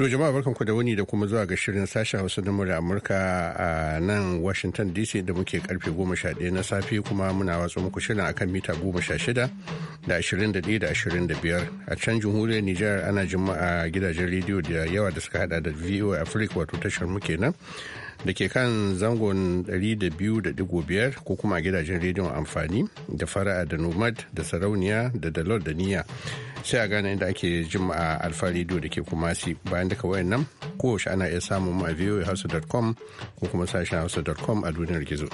To jama'a barkanku da wani da kuma zuwa ga shirin sashen Hausa na murya Amurka a nan Washington DC da muke karfe 11 na safe kuma muna watsa muku shirin akan mita 16 da 21 da 25 a can jamhuriyar Nijar ana jima'a gidajen rediyo da yawa da suka hada da VOA Africa wato tashar muke nan da ke kan zangon 200.5 ko kuma gidajen rediyon amfani da fara'a da nomad da sarauniya da dalol da niyya sai a gane inda ake jin a alfa rediyo da ke kumasi bayan daga wayan nan kowace ana iya samun mu a voahouse.com ko kuma sashen hausa.com a duniyar gizo.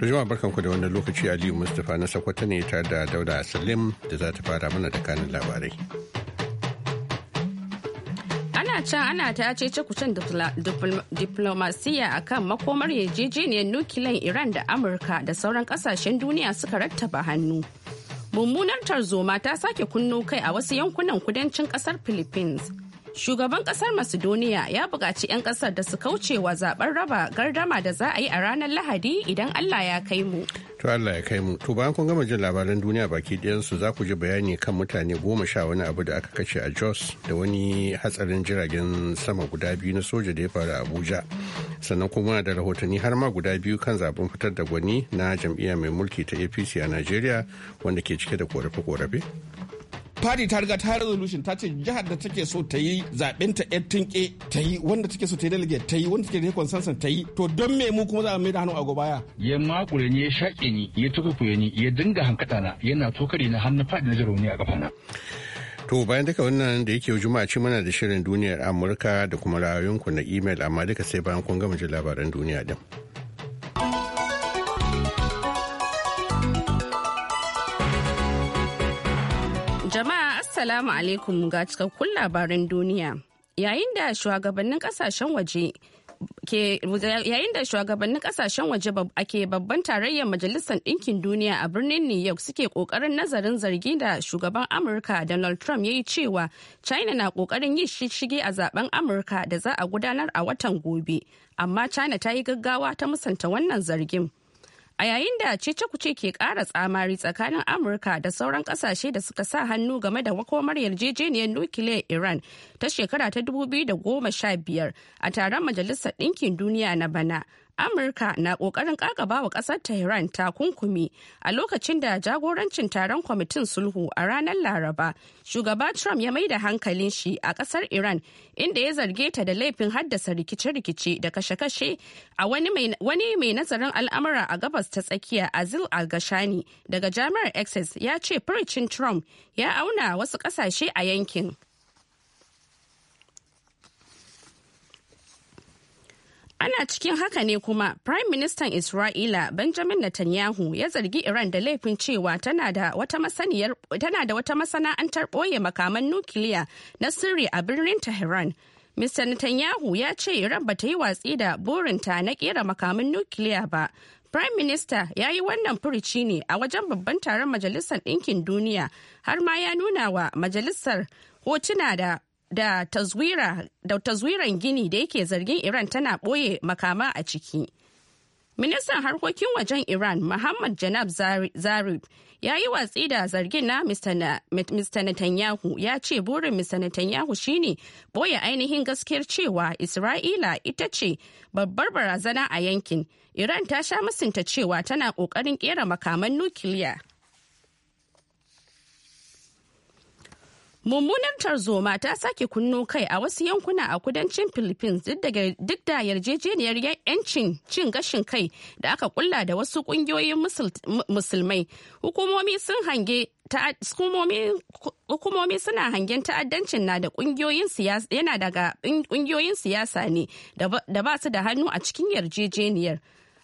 To jama'a barkanku da wannan lokaci Aliyu Mustapha na Sokoto ne tare da Dauda Salim da za ta fara mana da kanin labarai. Ana can ana ta ce kucin diplomasiya akan makomar yarjejeniyar nukiliyan Iran da Amurka da sauran kasashen duniya suka rattaba hannu. Mummunar tarzoma ta sake kunno kai a wasu yankunan kudancin kasar Philippines. Shugaban kasar Macedonia ya buƙaci 'yan kasar da su kauce wa zaben raba gardama da za a yi a ranar Lahadi idan Allah ya kai mu. To Allah ya kai mu. To bayan kun gama jin labaran duniya baki ɗayansu za ku ji bayani kan mutane goma sha wani abu da aka kashe a Jos da wani hatsarin jiragen sama guda biyu na soja da ya faru a Abuja. Sannan kuma da rahotanni har ma guda biyu kan zaben fitar da gwani na jam'iyya mai mulki ta APC a Najeriya wanda ke cike da korafe-korafe. fadi ta riga ta resolution ta ce jihar da take so ta yi zaben ta yar tinke ta yi wanda take so ta yi delegate ta yi wanda take da consensus ta yi to don me mu kuma za mu mai da hannu a gobaya ya makure ne ya shaƙe ni ya tukukuye ni ya dinga hankata na yana tokari na hannu fadi na jarauni a kafana. To bayan duka wannan da yake juma'a ce mana da shirin duniyar Amurka da kuma ra'ayoyinku na imel amma duka sai bayan kun gama jin labaran duniya din. Assalamu alaikum ga cikakkun labaran duniya. Yayin da shugabannin kasashen waje ake babban tarayyar majalisar ɗinkin duniya a birnin new york suke ƙoƙarin nazarin zargi da shugaban amurka donald trump ya yi cewa china na ƙoƙarin yin shishige a zaben amurka da za a gudanar a watan gobe amma china ta yi gaggawa ta musanta wannan zargin a yayin da cece-kuce ke kara tsamari tsakanin amurka da sauran kasashe da suka sa hannu game da makomar yarjejeniyar nukiliyar iran ta shekara ta 2015 a taron majalisar ɗinkin duniya na bana amurka na kokarin kakaba wa kasar tehran takunkumi a lokacin da jagorancin taron kwamitin sulhu a ranar laraba shugaba trump ya mai da hankalin shi a kasar iran inda ya zarge ta da laifin haddasa rikice-rikice da kashe-kashe a wani mai nazarin al'amura a gabas ta tsakiya azil al-gashani daga jami'ar Access ya ce furicin trump ya auna wasu kasashe a yankin Ana cikin haka ne kuma Prime Minister Isra'ila Benjamin Netanyahu ya zargi Iran da laifin cewa tana da wata masana'antar ɓoye makaman nukiliya na sirri a birnin Tehran. Mr. Netanyahu ya ce Iran ba ta yi watsi da burinta na ƙera makaman nukiliya ba. Prime Minister ya yi wannan furici ne a wajen babban taron Majalisar Ɗinkin Duniya har ma ya nuna wa Majalisar hotuna da da da tazwiran gini da yake zargin iran tana ɓoye makama a ciki ministan harkokin wajen iran muhammad janab zarif ya yi watsi da zargin na mr netanyahu ya ce burin mr netanyahu shine boye ainihin gaskiyar cewa isra'ila ita ce babbar barazana a yankin iran ta sha musinta cewa tana ƙoƙarin ƙera makaman nukiliya. mummunar tarzoma ta sake kunno kai a wasu yankuna a kudancin philippines duk da yarjejeniyar yancin cin gashin kai da aka kulla da wasu kungiyoyin musulmai hukumomi suna hangen ta'addancin na da yana daga kungiyoyin siyasa ne da ba su da hannu a cikin yarjejeniyar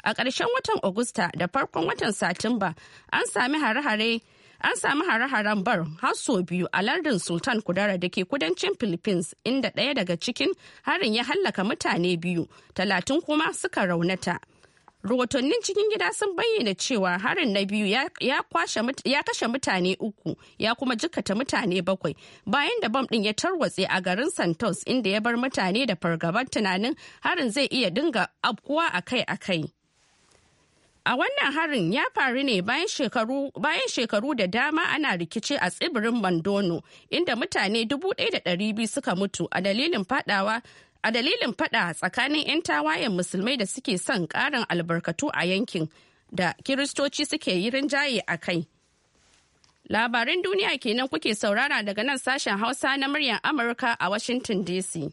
a ƙarshen watan agusta da farkon watan satumba an sami hare-hare An samu hare-haren bar har sau biyu a lardin Sultan Kudara da ke kudancin Philippines inda ɗaya daga cikin harin ya hallaka mutane biyu, talatin kuma suka raunata. rahotannin cikin gida sun bayyana cewa harin na biyu ya kashe mutane uku ya kuma jikata mutane bakwai bayan da bam ɗin ya tarwatse a garin santos inda ya bar mutane da fargabar tunanin harin zai iya dinga abkuwa akai-akai. A wannan harin ya faru ne bayan shekaru da dama ana rikice a tsibirin Mandono inda mutane 1,200 suka mutu a dalilin fadawa a dalilin fada tsakanin 'yan tawayen musulmai da suke son karin albarkatu a yankin da kiristoci suke yi rinjaye a kai. Labarin duniya kenan kuke saurara daga nan sashen Hausa na muryar Amurka a Washington DC.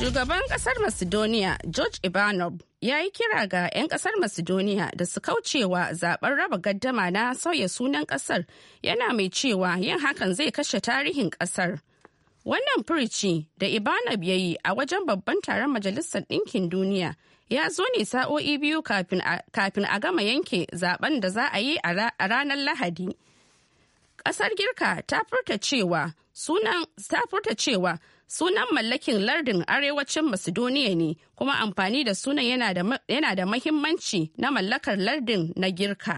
Shugaban kasar Macedonia George Ivanov ya yi kira ga 'yan kasar Macedonia da su kaucewa zaben raba gaddama na sauya sunan kasar yana mai cewa yin hakan zai kashe tarihin kasar. Wannan furici da Ivanov ya yi a wajen babban taron Majalisar Ɗinkin Duniya ya zo ne sa'o'i biyu kafin a gama yanke zaben da za a yi a ranar Lahadi. Ƙasar Girka ta furta ta furta cewa sunan mallakin lardin arewacin macedonia ne kuma amfani da sunan yana da mahimmanci na mallakar lardin na girka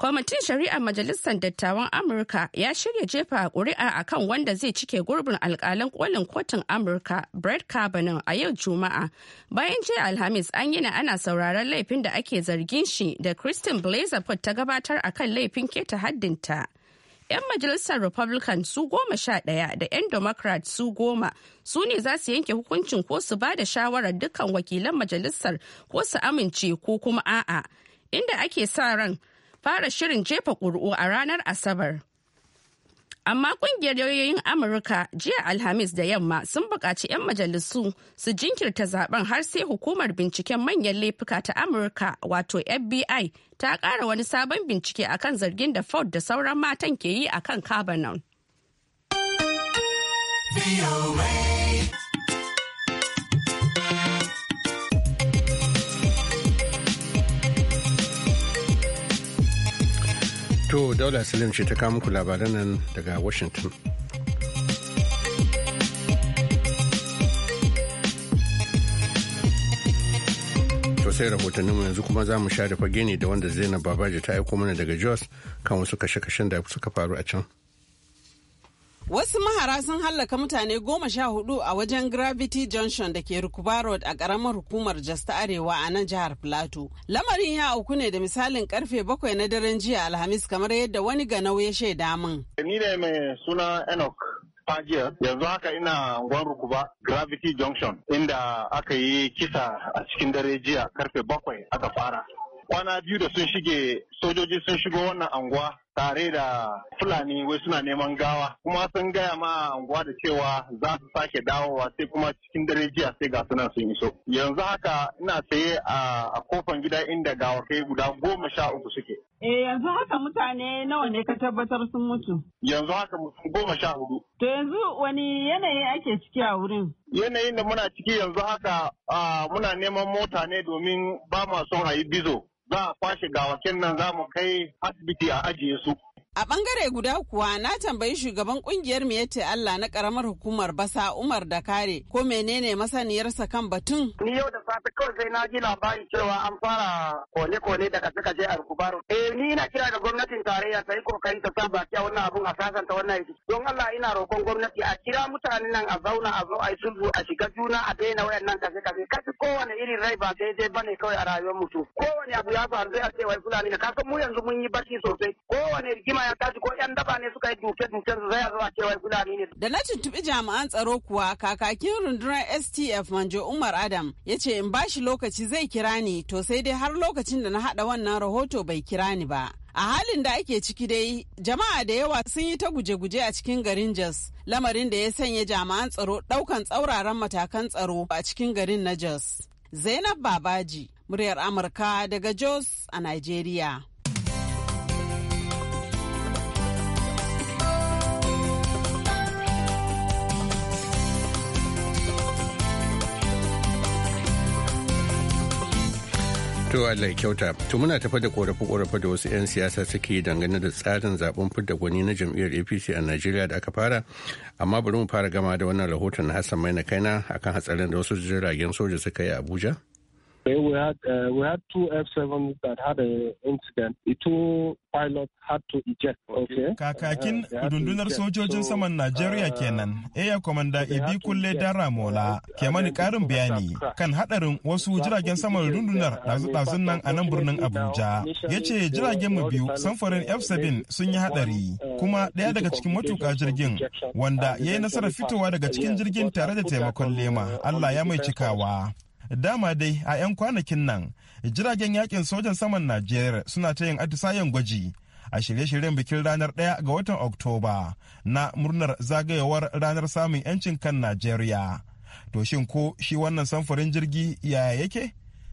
kwamitin shari'a majalisar dattawan amurka ya shirya jefa ƙuri'a a kan wanda zai cike gurbin alkalin kolin kotun amurka brett kavanaugh a yau juma'a bayan jiya alhamis an yi na ana sauraron laifin da ake zargin shi da christine blasey ta gabatar a kan laifin keta haddinta. 'yan majalisar republican su goma sha ɗaya da 'yan democrat su goma su ne za su yanke hukuncin ko su ba da shawarar dukkan wakilan majalisar ko su amince ko kuma a'a inda ake sa ran fara shirin jefa ƙuri'u a ranar asabar Amma kungiyar lauyoyin Amurka jiya Alhamis da yamma sun buƙaci 'yan majalisu su jinkirta zaben har sai hukumar binciken manyan laifuka ta Amurka wato FBI ta ƙara wani sabon bincike akan zargin da Ford da sauran matan ke yi akan Kavanaugh. To Daula Salim ce ta kawo muku labaran nan daga Washington. sai rahotanninmu yanzu kuma za mu share fage ne da wanda zainab babaji ta aiko mana daga jos kan wasu kashe-kashen da suka faru a can. Wasu mahara sun hallaka mutane goma sha hudu a wajen Gravity Junction da ke Rukuba Road a ƙaramar hukumar Jos ta Arewa a nan jihar Plateau. Lamarin ya auku ne da misalin karfe bakwai na daren jiya Alhamis kamar yadda wani ganau ya shaida min. Ni ne mai suna Enoch. Fajiya yanzu haka ina gwan rukuba Gravity Junction inda aka yi kisa a cikin dare jiya karfe bakwai aka fara. Kwana biyu da sun shige sojoji sun shigo wannan anguwa tare da Fulani wai suna neman gawa kuma sun gaya ma unguwa da cewa za su sake dawowa sai kuma cikin dare jiya sai ga sunan sun iso. Yanzu haka ina tsaye a kofan gida inda kai guda goma sha uku suke. Eh yanzu haka mutane nawa ne ka tabbatar sun mutu? Yanzu haka mutum goma sha hudu. To yanzu wani yanayi ake ciki a wurin? Yanayin da muna ciki yanzu haka muna neman mota ne domin ba ma son a yi bizo. za a kwashe gawakin nan za mu kai asibiti a ajiye su. A bangare guda kuwa na tambayi shugaban kungiyar Miyatta Allah na karamar hukumar Basa Umar da Kare ko menene masaniyarsa kan batun. Ni yau da safe kawai sai na ji labari cewa an fara kone-kone daga suka je a Kubaru. Eh ni na kira ga gwamnatin tarayya ta yi kai ta sa baki a wannan abun a sasanta wannan rikici. Don Allah ina roƙon gwamnati a kira mutanen nan a zauna a zo a yi sulhu a shiga juna a daina wayannan kafe-kafe. Kasi kowane irin rai ba daidai ne kawai a rayuwar mutum. Kowane abu ya faru sai a ce wai Fulani ka kasan mu yanzu mun yi barci sosai. Kowane rigima Da na tuntuɓi jami'an tsaro kuwa kakakin rundunar STF Manjo Umar Adam ya ce in bashi lokaci zai kira ni to sai dai har lokacin da na haɗa wannan rahoto bai kira ni ba. A halin da ake ciki dai, jama'a da yawa sun yi ta guje-guje a cikin garin Jos, lamarin da ya sanya jami'an tsaro ɗaukan tsauraran matakan tsaro a cikin garin na Jos. Zainab Babaji, muryar Amurka daga Jos a Najeriya. To Allah kyauta. To muna tafa da korafe-korafe da wasu 'yan siyasa suke dangane da tsarin zaben fidda gwani na jam'iyyar APC a Najeriya da aka fara. Amma bari mu fara gama da wannan rahoton na Hassan Maina Kaina akan hatsarin da wasu jiragen soja suka yi a Abuja. we 7 uh, s that had an incident. Kakakin rundunar sojojin saman Najeriya uh, kenan, Air komanda Ibi Kulle Daramola ke mani karin bayani kan hadarin wasu jiragen saman rundunar dazu-dazun nan a nan birnin Abuja. Ya ce jiragen mu biyu samfarin F7 sun yi hadari uh, kuma ɗaya daga cikin matuka jirgin wanda ya yi nasarar fitowa daga cikin jirgin tare da taimakon lema. Allah ya mai cikawa. Dama dai a 'yan kwanakin nan jiragen yakin sojan saman Najeriya suna ta yin atisayen gwaji a shirye-shiryen bikin ranar ɗaya ga watan Oktoba na murnar zagayowar ranar samun 'yancin kan Najeriya. To shin ko shi wannan samfurin jirgi yaya yake?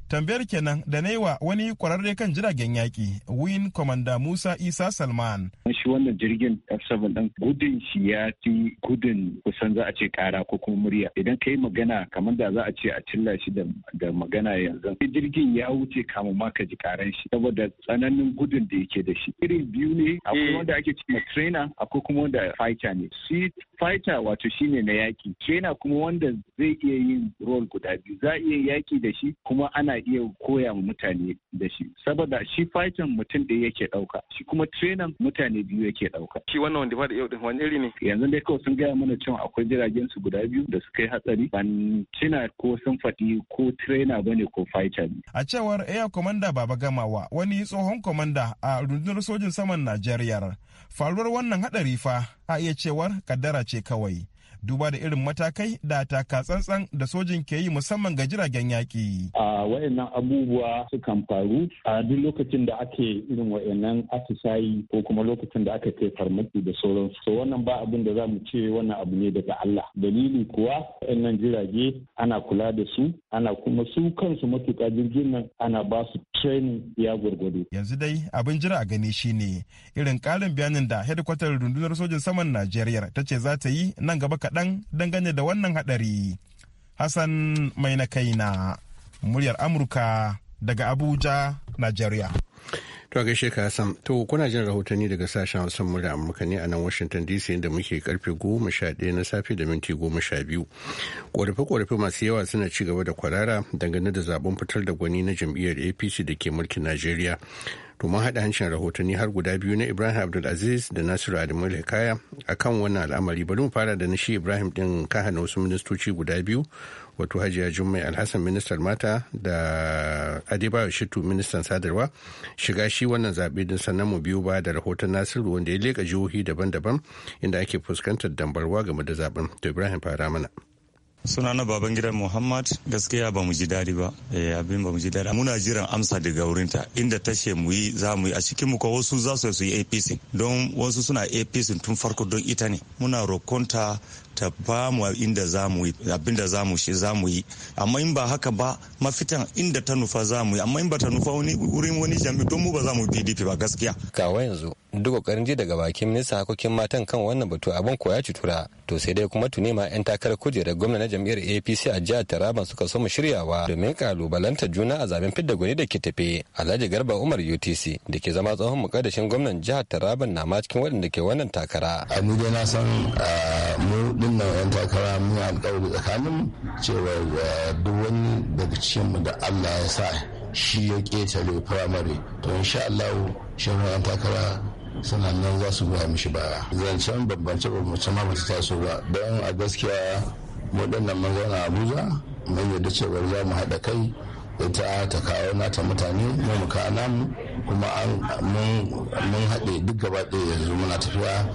tambayar kenan da na yi wa wani kwararre kan jiragen yaƙi win commander musa isa salman shi wannan jirgin f7 din gudun shi ya fi gudun kusan za a ce kara ko kuma murya idan ka yi magana kamar da za a ce a cilla shi da magana yanzu jirgin ya wuce kamun ma ka ji karan shi saboda tsananin gudun da yake da shi irin biyu ne akwai wanda ake ce trainer akwai kuma wanda fighter ne shi fighter wato shine na yaƙi trainer kuma wanda zai iya yin role guda biyu za a iya yaƙi da shi kuma ana iya koya ma mutane da shi saboda shi fighting mutum da yake dauka shi kuma training mutane biyu yake dauka shi wannan wanda da yau din wani iri ne yanzu dai kawai sun gaya mana cewa akwai jiragen su guda biyu da suka yi hatsari ban cina ko sun faɗi ko trainer bane ko fighter ne a cewar air commander baba gamawa wani tsohon commander a rundunar sojin saman najeriya faruwar wannan hadari fa a iya cewar kaddara ce kawai duba da irin matakai da taka tsantsan da sojin ke yi musamman ga jiragen yaƙi. A wayannan abubuwa sukan faru a duk lokacin da ake irin wayannan atisayi ko kuma lokacin da aka kai farmaki da sauransu. So wannan ba abin da za mu ce wannan abu ne daga Allah. Dalili kuwa wayannan jirage ana kula da su ana kuma su kansu matuƙa jirgin nan ana ba su training ya gwargwado. Yanzu dai abin jira a gani shine irin ƙarin bayanin da hedikwatar rundunar sojin saman Najeriya ta ce za ta yi nan gaba kaɗan. kaɗan dangane da wannan haɗari. Hassan mai na kaina, muryar Amurka daga Abuja, Najeriya. To gaishe ka Hassan, to kuna jin rahotanni daga sashen Hausa murya Amurka ne a nan Washington DC inda muke karfe goma sha ɗaya na safe da minti goma sha biyu. Ƙorafe-ƙorafe masu yawa suna ci gaba da kwarara dangane da zaben fitar da gwani na jam'iyyar APC da ke mulkin Najeriya. To mun haɗa hancin rahotanni har guda biyu na Ibrahim Abdulaziz da Nasiru Adamu Hikaya akan wannan al'amari. Bari mu fara da na shi Ibrahim ɗin kan hana wasu ministoci guda biyu wato hajiya jummai alhassan ministan mata da adebayo shitu ministan sadarwa shiga shi wannan zaɓe din sannan mu biyu ba da rahoton nasiru wanda ya leƙa jihohi daban-daban inda ake fuskantar dambarwa game da zaben to ibrahim fara mana sunana baban gidan muhammad gaskiya ba mu ji daɗi ba eh, abin ba mu ji daɗi muna jiran amsa daga wurinta inda ta ce mu yi za mu yi a cikin mu ko wasu za su yi apc don wasu suna apc tun farko don ita ne muna rokonta ta ba mu inda za mu yi abinda za mu shi za mu yi amma in ba haka ba mafitan inda ta nufa za mu yi amma in ba ta nufa wurin wani jami'i don mu ba za mu pdp ba gaskiya kawai yanzu duk kokarin ji daga bakin minista harkokin matan kan wannan batu abin koya ya cutura to sai dai kuma tuni ma yan takarar kujerar gwamna na jam'iyyar apc a jihar taraba suka so mu shiryawa domin kalubalanta juna a zaben fidda gwani da ke tafe alhaji garba umar utc da ke zama tsohon mukaddashin gwamnan jihar taraban na ma cikin waɗanda ke wannan takara. a ni dai na san ah, mu dinnan yan takara mun alƙawari tsakanin cewa ah, duk wani daga cikinmu da allah ya sa shi ya ƙetare firamare to insha allahu shi takara suna nan za su goya mishi baya zancen babbance mace ma ta taso ba don a gaskiya waɗannan mazauna abuja mai yarda cewar za mu haɗa kai ita ta kawo nata mutane mu muka kawo namu kuma mun haɗe duk gaba ɗaya yanzu muna tafiya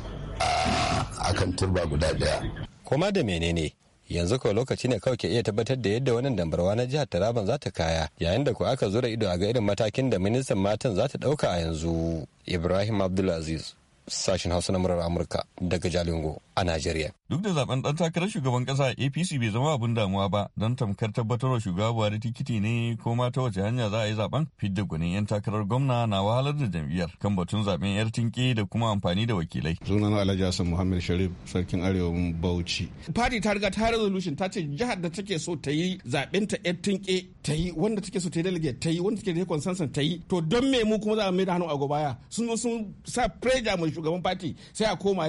a kan turba guda ɗaya. kuma da menene yanzu ko lokaci ne kawai ke iya tabbatar da yadda wannan dambarwa na jihar taraban za ta kaya yayin da ku aka zura ido a ga irin matakin da ministan matan za ta ɗauka a yanzu ibrahim abdulaziz sashen hausa na murar amurka daga jalingo a najeriya duk da zaben dan takarar shugaban kasa apc bai zama abin damuwa ba don tamkar tabbatarwa shugaba buhari tikiti ne ko ma ta wace hanya za a yi zaben fidda gwanin yan takarar gwamna na wahalar da jam'iyyar kan batun zaben yar tinke da kuma amfani da wakilai sunana alhaji hassan muhammad sharif sarkin arewa bauchi Fadi ta riga ta resolution ta ce jihar da take so ta yi zaben ta yar tinke ta yi wanda take so ta yi delegate ta yi wanda take da consensus ta yi to don me mu kuma za a mai da hannu a gobaya sun sun sa pressure mu shugaban fati sai a koma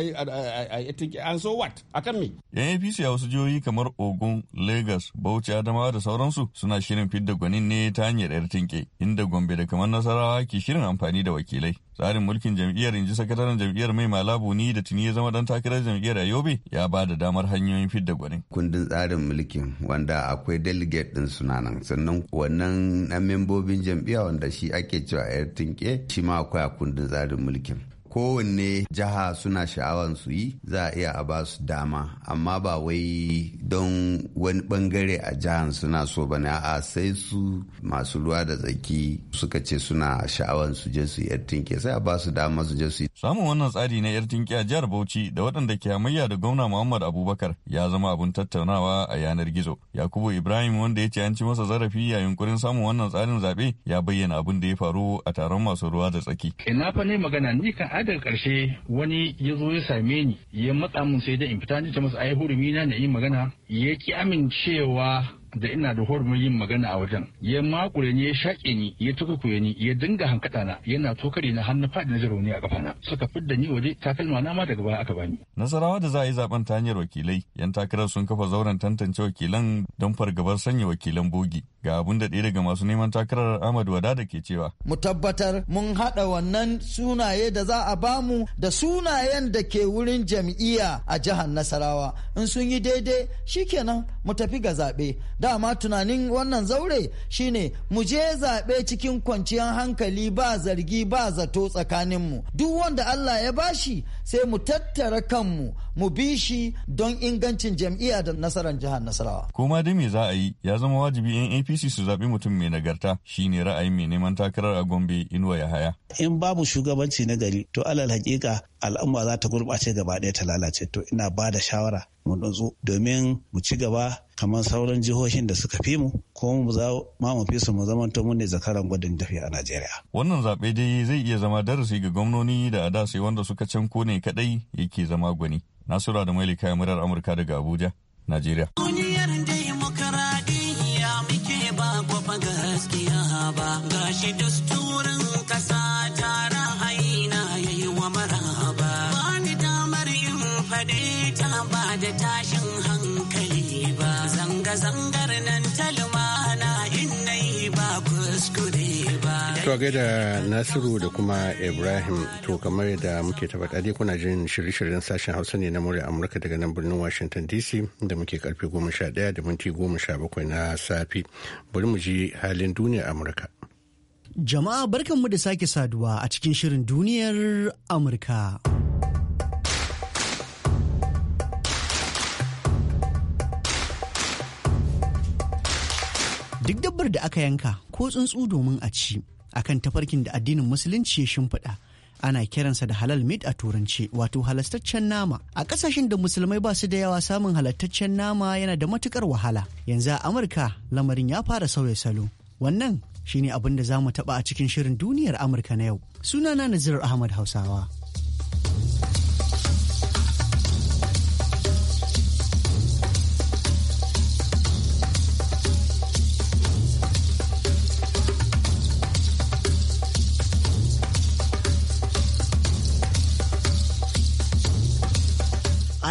an so what kan me yan apc a wasu jihohi kamar ogun lagos bauchi adamawa da sauransu suna shirin fidda gwanin ne ta hanyar yar tinke inda gombe da kamar nasarawa ke shirin amfani da wakilai tsarin mulkin jam'iyyar inji sakataren jam'iyyar mai malabu ni da tuni ya zama dan takarar jam'iyyar yobe ya ba da damar hanyoyin fidda gwanin kundin tsarin mulkin wanda akwai delegate din suna nan sannan wannan na membobin jam'iyya wanda shi ake cewa yar tinke shi ma akwai a kundin tsarin mulkin kowanne jiha suna sha'awar su yi za a iya a ba su dama amma ba wai don wani bangare a jihar suna so ba ne a sai su masu ruwa da tsaki suka ce suna sha'awar su je su yar tinke sai a ba su dama su je su yi. samun wannan tsari na yar tinke a jihar bauchi da waɗanda ke hamayya da gwamna muhammad abubakar ya zama abun tattaunawa a yanar gizo yakubu ibrahim wanda ya ce an ci masa zarafi yayin yunkurin samun wannan tsarin zaɓe ya bayyana abin da ya faru a taron masu ruwa da tsaki. ina fa ne magana ni kan daga ƙarshe wani ya zo ya same ni ya matsa mun sai da in fita ni ta masa ai hurumi na na yi magana ya ki amincewa da ina da hormon yin magana a wajen ya makure ni ya shaƙe ni ya tukukuye ni ya dinga hankata na yana tokare na hannu fadi faɗi na jarumi a kafana suka fidda ni waje takalma na ma daga baya aka bani nasarawa da za a yi zaben ta hanyar wakilai yan takarar sun kafa zauren tantance wakilan don fargabar sanya wakilan bogi ga abun da ɗaya daga masu neman takarar Ahmad Wada da ke cewa mu tabbatar mun haɗa wannan sunaye da za a bamu da sunayen da ke wurin jam'iyya a jihar Nasarawa in sun yi daidai shikenan mu tafi ga zaɓe dama tunanin wannan zaure shine mu je zaɓe cikin kwanciyar hankali ba zargi ba zato tsakaninmu duk wanda Allah ya bashi sai mu tattara kanmu mu bi shi don ingancin jam'iyya da nasarar jihar Nasarawa. Koma dai me za a yi ya zama wajibi 'yan APC su zaɓi mutum mai nagarta shi ne ra'ayin mai neman takarar a Gombe Inuwa Yahaya. In babu shugabanci na gari to alal hakika al'umma za ta gurɓace gaba ɗaya ta lalace to ina ba da shawara mu nutsu domin mu ci gaba kamar sauran jihohin da suka fi mu ko mu za ma mu fi su mu zama to mun ne zakaran gwadin tafiya a Najeriya. Wannan zaɓe dai zai iya zama darasi ga gwamnoni da a da sai wanda suka can kone. ne kadai yake zama gwani. Nasura da Mailika murar Amurka daga Abuja, Najeriya. To gaida Nasiru da kuma Ibrahim to kamar yadda muke ta faɗa kuna jin shirye-shiryen sashen Hausa ne na murya Amurka daga nan birnin Washington DC da muke karfe 11 da minti 17 na safi. Bari mu ji halin duniya Amurka. Jama'a barkanmu da sake saduwa a cikin shirin duniyar Amurka. Duk dabbar da aka yanka ko tsuntsu domin a ci. akan tafarkin da addinin musulunci ya shimfiɗa ana kiransa da halal meat a turanci wato halastaccen nama a ƙasashen da musulmai ba su da yawa samun halastaccen nama yana da matukar wahala yanzu a amurka lamarin ya fara sauya salo wannan shine abin da za mu taɓa a cikin shirin duniyar amurka na yau sunana nazir ahmad hausawa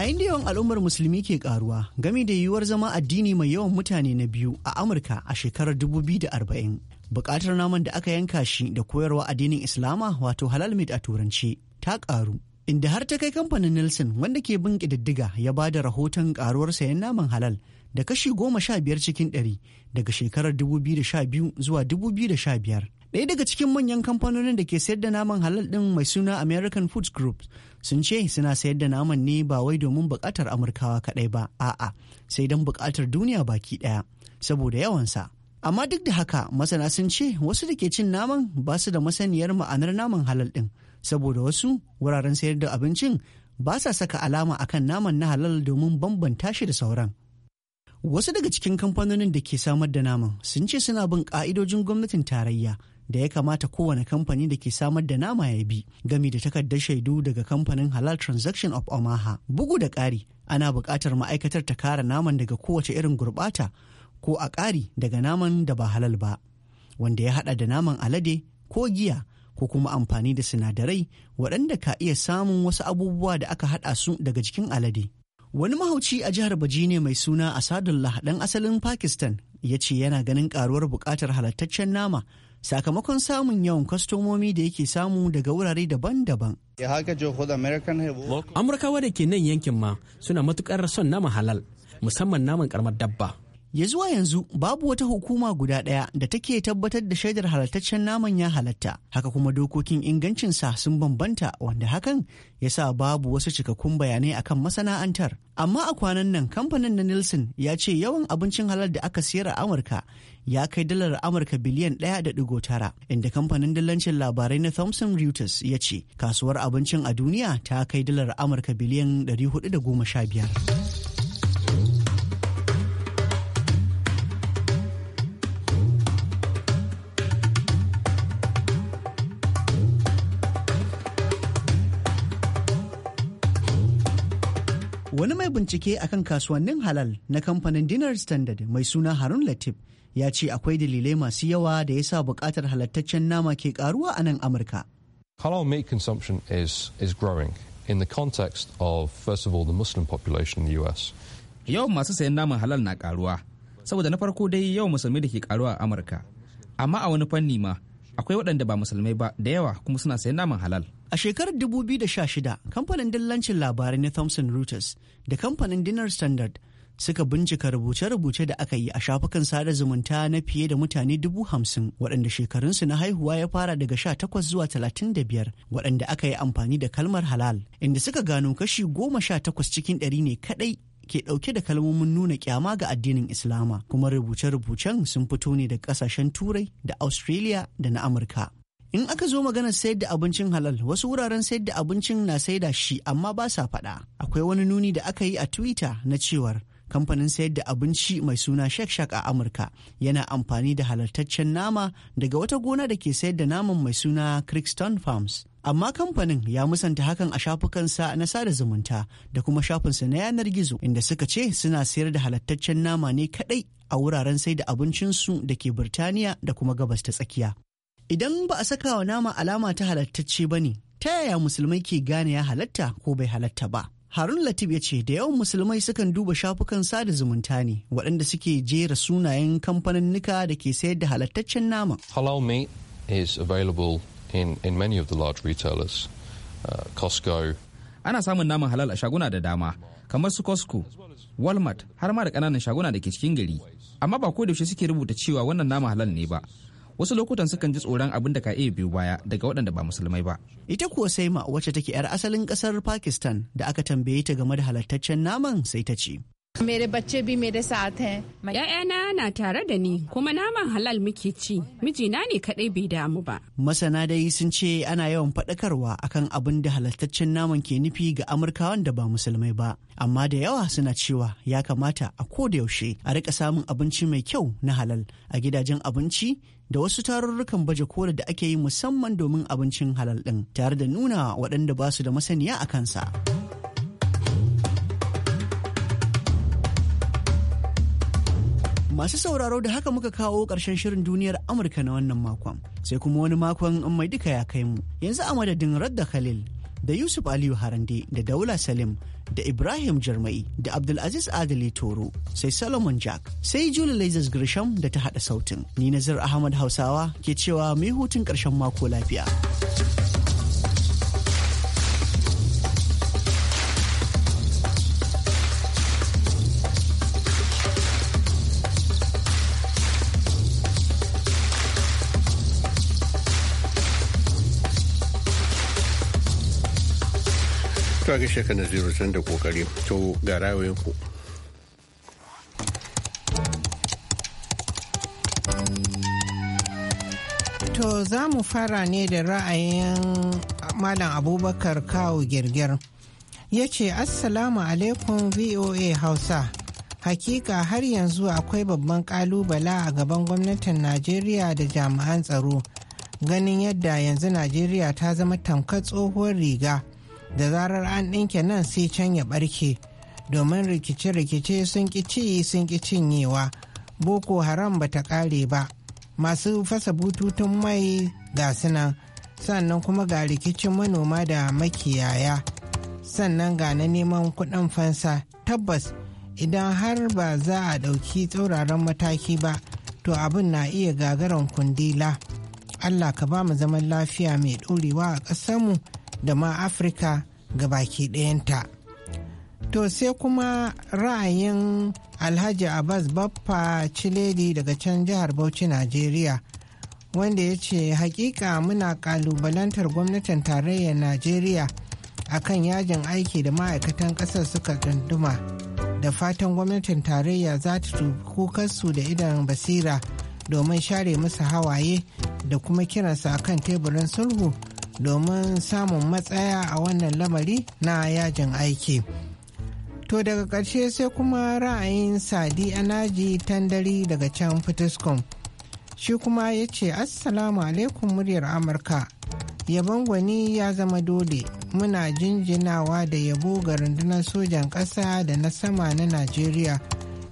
yayin da yawan al'ummar musulmi ke karuwa gami da yiwuwar zama addini mai yawan mutane na biyu a amurka a shekarar dubu arba'in, bukatar naman da aka yanka shi da koyarwa addinin islama wato halal mit a Turanci, ta karu inda har ta kai kamfanin nelson wanda ke bin ƙididdiga ya ba da rahoton karuwar sayan naman halal da kashi goma sha biyar cikin ɗari daga shekarar 2012 zuwa 2015 Ɗaya daga cikin manyan kamfanonin da ke sayar da naman halal ɗin mai suna American Foods Group sun ce suna sayar da naman ne ba wai domin buƙatar Amurkawa kaɗai ba, a'a sai don buƙatar duniya baki ɗaya saboda yawansa. Amma duk da haka masana sun ce wasu da ke cin naman ba su da masaniyar ma'anar naman halal ɗin saboda wasu wuraren sayar da abincin ba sa saka alama akan naman na halal domin bambanta shi da sauran. Wasu daga cikin kamfanonin da ke samar da naman sun ce suna bin ƙa'idojin gwamnatin tarayya da ya kamata kowane kamfani da ke samar da nama ya bi gami da takardar shaidu daga kamfanin halal transaction of omaha bugu da ƙari ana buƙatar ma'aikatar ta kara naman daga kowace irin gurɓata ko a ƙari daga naman da ba halal ba wanda ya haɗa da naman alade ko giya ko kuma amfani da sinadarai waɗanda ka iya samun wasu abubuwa da aka haɗa su daga jikin alade wani mahauci a jihar Baji ne mai suna asadullah ɗan asalin pakistan ya ce yana ganin ƙaruwar buƙatar halattaccen nama sakamakon samun yawan kwastomomi da yake samu daga wurare daban-daban. Amurkawa da ke nan yankin ma suna matukar son nama halal musamman naman karamar dabba ya zuwa yanzu babu wata hukuma guda ɗaya da take tabbatar da shaidar halartaccen naman ya halatta haka kuma dokokin ingancinsa sun bambanta wanda hakan ya sa babu wasu cikakkun bayanai akan masana'antar amma a kwanan nan kamfanin na Nelson ya ce yawan abincin halar da aka siyar a amurka ya kai dalar amurka biliyan ɗaya da ɗigo tara, inda kamfanin dillancin labarai na thomson reuters ya ce kasuwar abincin a duniya ta kai dalar amurka biliyan ɗari da goma sha biyar. Wani mai bincike akan kasuwannin halal na kamfanin Dinar Standard mai suna Harun Latif ya ce akwai dalilai masu yawa da ya sa bukatar halattaccen nama ke karuwa a nan Amurka. Halal meat consumption is, is growing in the context of, first of all, the Muslim population in the US. Yawan masu sayan naman halal na karuwa, saboda na farko dai yawan musulmi da ke karuwa a Amurka. Amma a wani fanni ma, akwai waɗanda ba musulmai ba da yawa kuma suna sayan naman halal. A shekarar 2016, kamfanin dillancin labarai na Thomson Reuters da kamfanin Dinar Standard suka bincika rubuce-rubuce da aka yi a shafukan sada zumunta na fiye da mutane 50,000, hamsin waɗanda shekarunsu na haihuwa ya fara daga 18 zuwa 35, da waɗanda aka yi amfani da kalmar halal inda suka gano kashi 18 cikin ɗari ne kaɗai ke ɗauke da kalmomin nuna kyama ga addinin islama kuma rubuce-rubucen sun fito ne daga ƙasashen turai da australia da na amurka in aka zo magana sayar da abincin halal wasu wuraren sayar da abincin na saida shi amma ba sa faɗa akwai wani nuni da aka yi a twitter na cewar kamfanin sayar da abinci mai suna shakshak a amurka yana amfani da halartaccen nama daga wata gona da ke sayar da naman mai suna crixton farms amma kamfanin ya musanta hakan a shafukansa na sada zumunta da kuma shafinsa na yanar gizo inda suka ce suna sayar da halartaccen nama ne kadai a wuraren sai da abincinsu da ke birtaniya da kuma gabas ta tsakiya Idan ba a saka wa nama alama ta halattacce ba ne, ta yaya musulmai ke gane ya halatta ko bai halatta ba? Harun Latif ya ce da yawan musulmai sukan duba shafukan sada zumunta ne waɗanda suke jera sunayen kamfanin nika da ke sayar da halattaccen nama. Halal meat is available in, in many of the large retailers. Uh, Costco. Ana samun naman halal a shaguna da dama, kamar su Costco, Walmart, har ma da ƙananan shaguna da ke cikin gari. Amma ba ko da suke rubuta cewa wannan nama halal ne ba. wasu lokutan sukan ji tsoron abin da ka iya biyu baya daga waɗanda ba musulmai ba ita kuwa saima wacce take 'yar asalin ƙasar pakistan da aka tambaye ta game da halartaccen naman sai ta ce Mere bacce bi mere ‘ya'yana na tare da ni kuma naman halal muke ci mijina ne kaɗai bai damu ba masana dai sun ce ana yawan faɗakarwa akan abin da halattaccen naman ke nufi ga amurkawan da ba musulmai ba amma da yawa suna cewa ya kamata a ko da yaushe a rika samun abinci mai kyau na halal a gidajen abinci da wasu tarurrukan baje koli da ake yi musamman domin abincin halal ɗin tare da nuna waɗanda ba su da masaniya a kansa. Masu sauraro da haka muka kawo ƙarshen shirin duniyar Amurka na wannan makon, sai kuma wani makon in mai duka ya kai mu. Yanzu a madadin Radda Khalil da Yusuf Aliyu Harande da Daula Salim da Ibrahim Jarmai da Abdulaziz Adali Toro sai Solomon Jack sai Julie Lazarus Grisham da ta hada sautin. Ni Nazir Ahmad Hausawa ke cewa mai hutun ƙarshen mako lafiya. a ga na zero sanda kokari. To ga To za mu fara ne da ra'ayin Malam Abubakar Kawo Girgir. Ya ce Assalamu alaikum VOA Hausa. Hakika har yanzu akwai babban kalubala a gaban gwamnatin Najeriya da jami'an tsaro. Ganin yadda yanzu Najeriya ta zama tamkar tsohuwar riga da zarar an ɗinke nan sai can ya ɓarke domin rikice-rikice sun ci sun ƙi cinyewa boko haram ba ta ƙare ba masu fasa bututun mai ga sunan sannan kuma ga rikicin manoma da makiyaya sannan ga na neman kuɗin fansa tabbas idan har ba za a ɗauki tsauraran mataki ba to abin na iya gagaran kundila allah ka ba mu zaman lafiya mai ɗorewa a ƙasarmu da ma afirka ga baki ɗayanta to sai kuma ra'ayin alhaji abbas baffa ciledi daga can jihar bauchi najeriya wanda ya ce hakika muna kalubalantar gwamnatin tarayyar najeriya akan yajin aiki da ma'aikatan kasar suka tsunduma da fatan gwamnatin tarayya za ta kukansu da idan basira domin share musu hawaye da kuma kiransu akan teburin sulhu domin samun matsaya a wannan lamari na yajin aiki. To daga ƙarshe sai kuma ra'ayin Sadi Anaji Tandari daga can Fitiskum. Shi kuma ya ce Assalamu alaikum muryar Amurka. Yabon gwani ya zama dole muna jinjinawa da yabo ga rundunar sojan ƙasa da na sama na Najeriya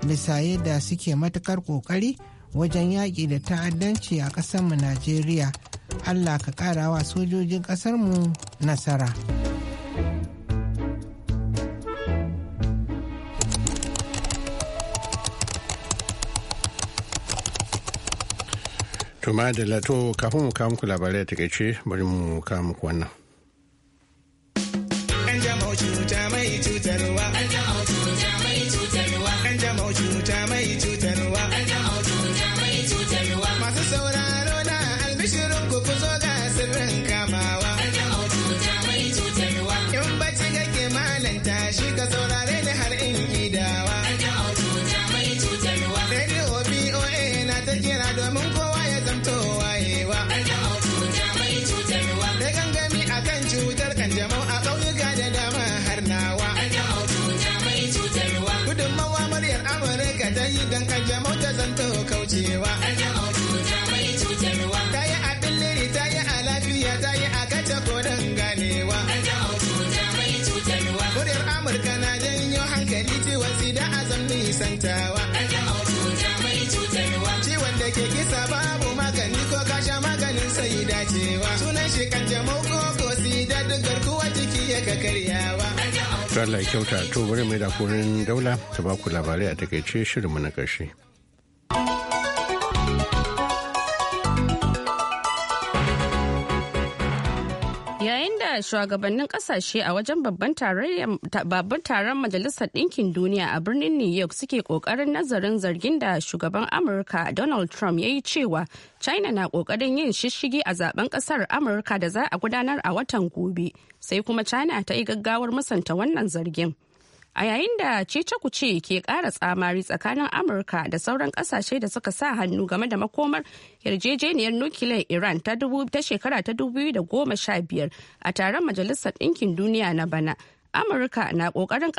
bisa yadda suke matukar ƙoƙari wajen yaƙi da ta'addanci a ƙasarmu Najeriya. Allah ka ƙara wa sojojin ƙasarmu nasara. Tuma da lato kafin mu muku labarai ta takaice bari mu kawo muku wannan. An jama'u cuta mai cutarwa. An jama'u cuta mai cutarwa. An jama'u cuta mai cutarwa. da mota zan to kaucewa ta yi a billiri ta yi a lafiya ta yi a kace koren ganewa muryar amurka na janyo hankali ciwon sida a zan nisantawa ciwon da ke kisa babu magani ko kasha maganin saidacewa. sunan shi kan jama'u ko ko sida duk jiki ya ka karyawa Allah ya kyauta to bari mai da koren daula ta baku labarai a takaice shirinmu na ƙarshe. da shugabannin kasashe a wajen babban taron majalisar ɗinkin duniya a birnin new york suke ƙoƙarin nazarin zargin da shugaban amurka donald trump ya yi cewa china na ƙoƙarin yin shishigi a zaben ƙasar amurka da za a gudanar a watan gobe sai kuma china ta yi gaggawar musanta wannan zargin. a yayin da cece ce ke kara tsamari tsakanin amurka da sauran kasashe da suka sa hannu game da makomar yarjejeniyar nukiliyar iran ta shekara ta goma sha biyar a taron majalisar ɗinkin duniya na bana amurka na ƙoƙarin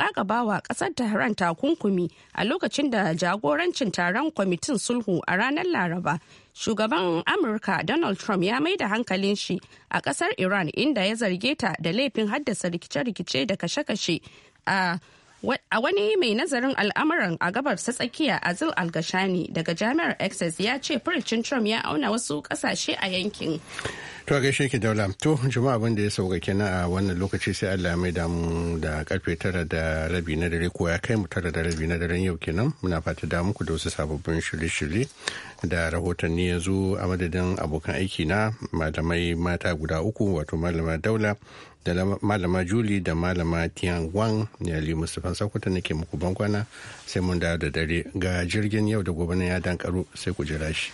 wa ƙasar tehran takunkumi a lokacin da jagorancin taron kwamitin sulhu a ranar laraba shugaban amurka donald trump ya mai da hankalin shi a ƙasar iran inda ya zarge ta da laifin haddasa rikice-rikice da kashe-kashe a uh, A wani mai nazarin al'amuran a gabar ta tsakiya Azil Algashani daga Jami'ar Essex ya ce furucin Trump ya auna wasu kasashe a yankin. To gaishe ki daula to juma'a abin ya sauka kenan a wannan lokaci sai Allah mai damu da karfe tara da rabi na dare ko ya kai mu tara da rabi na daren yau kenan muna fata da muku da wasu sababbin shirye-shirye da rahotanni ya zo a madadin abokan aiki na malamai mata guda uku wato malama daula da malama juli da malama tian wang ne ali mustapha sakuta nake muku bankwana sai mun dawo da dare ga jirgin yau da gobe na ya dankaro sai ku jira shi.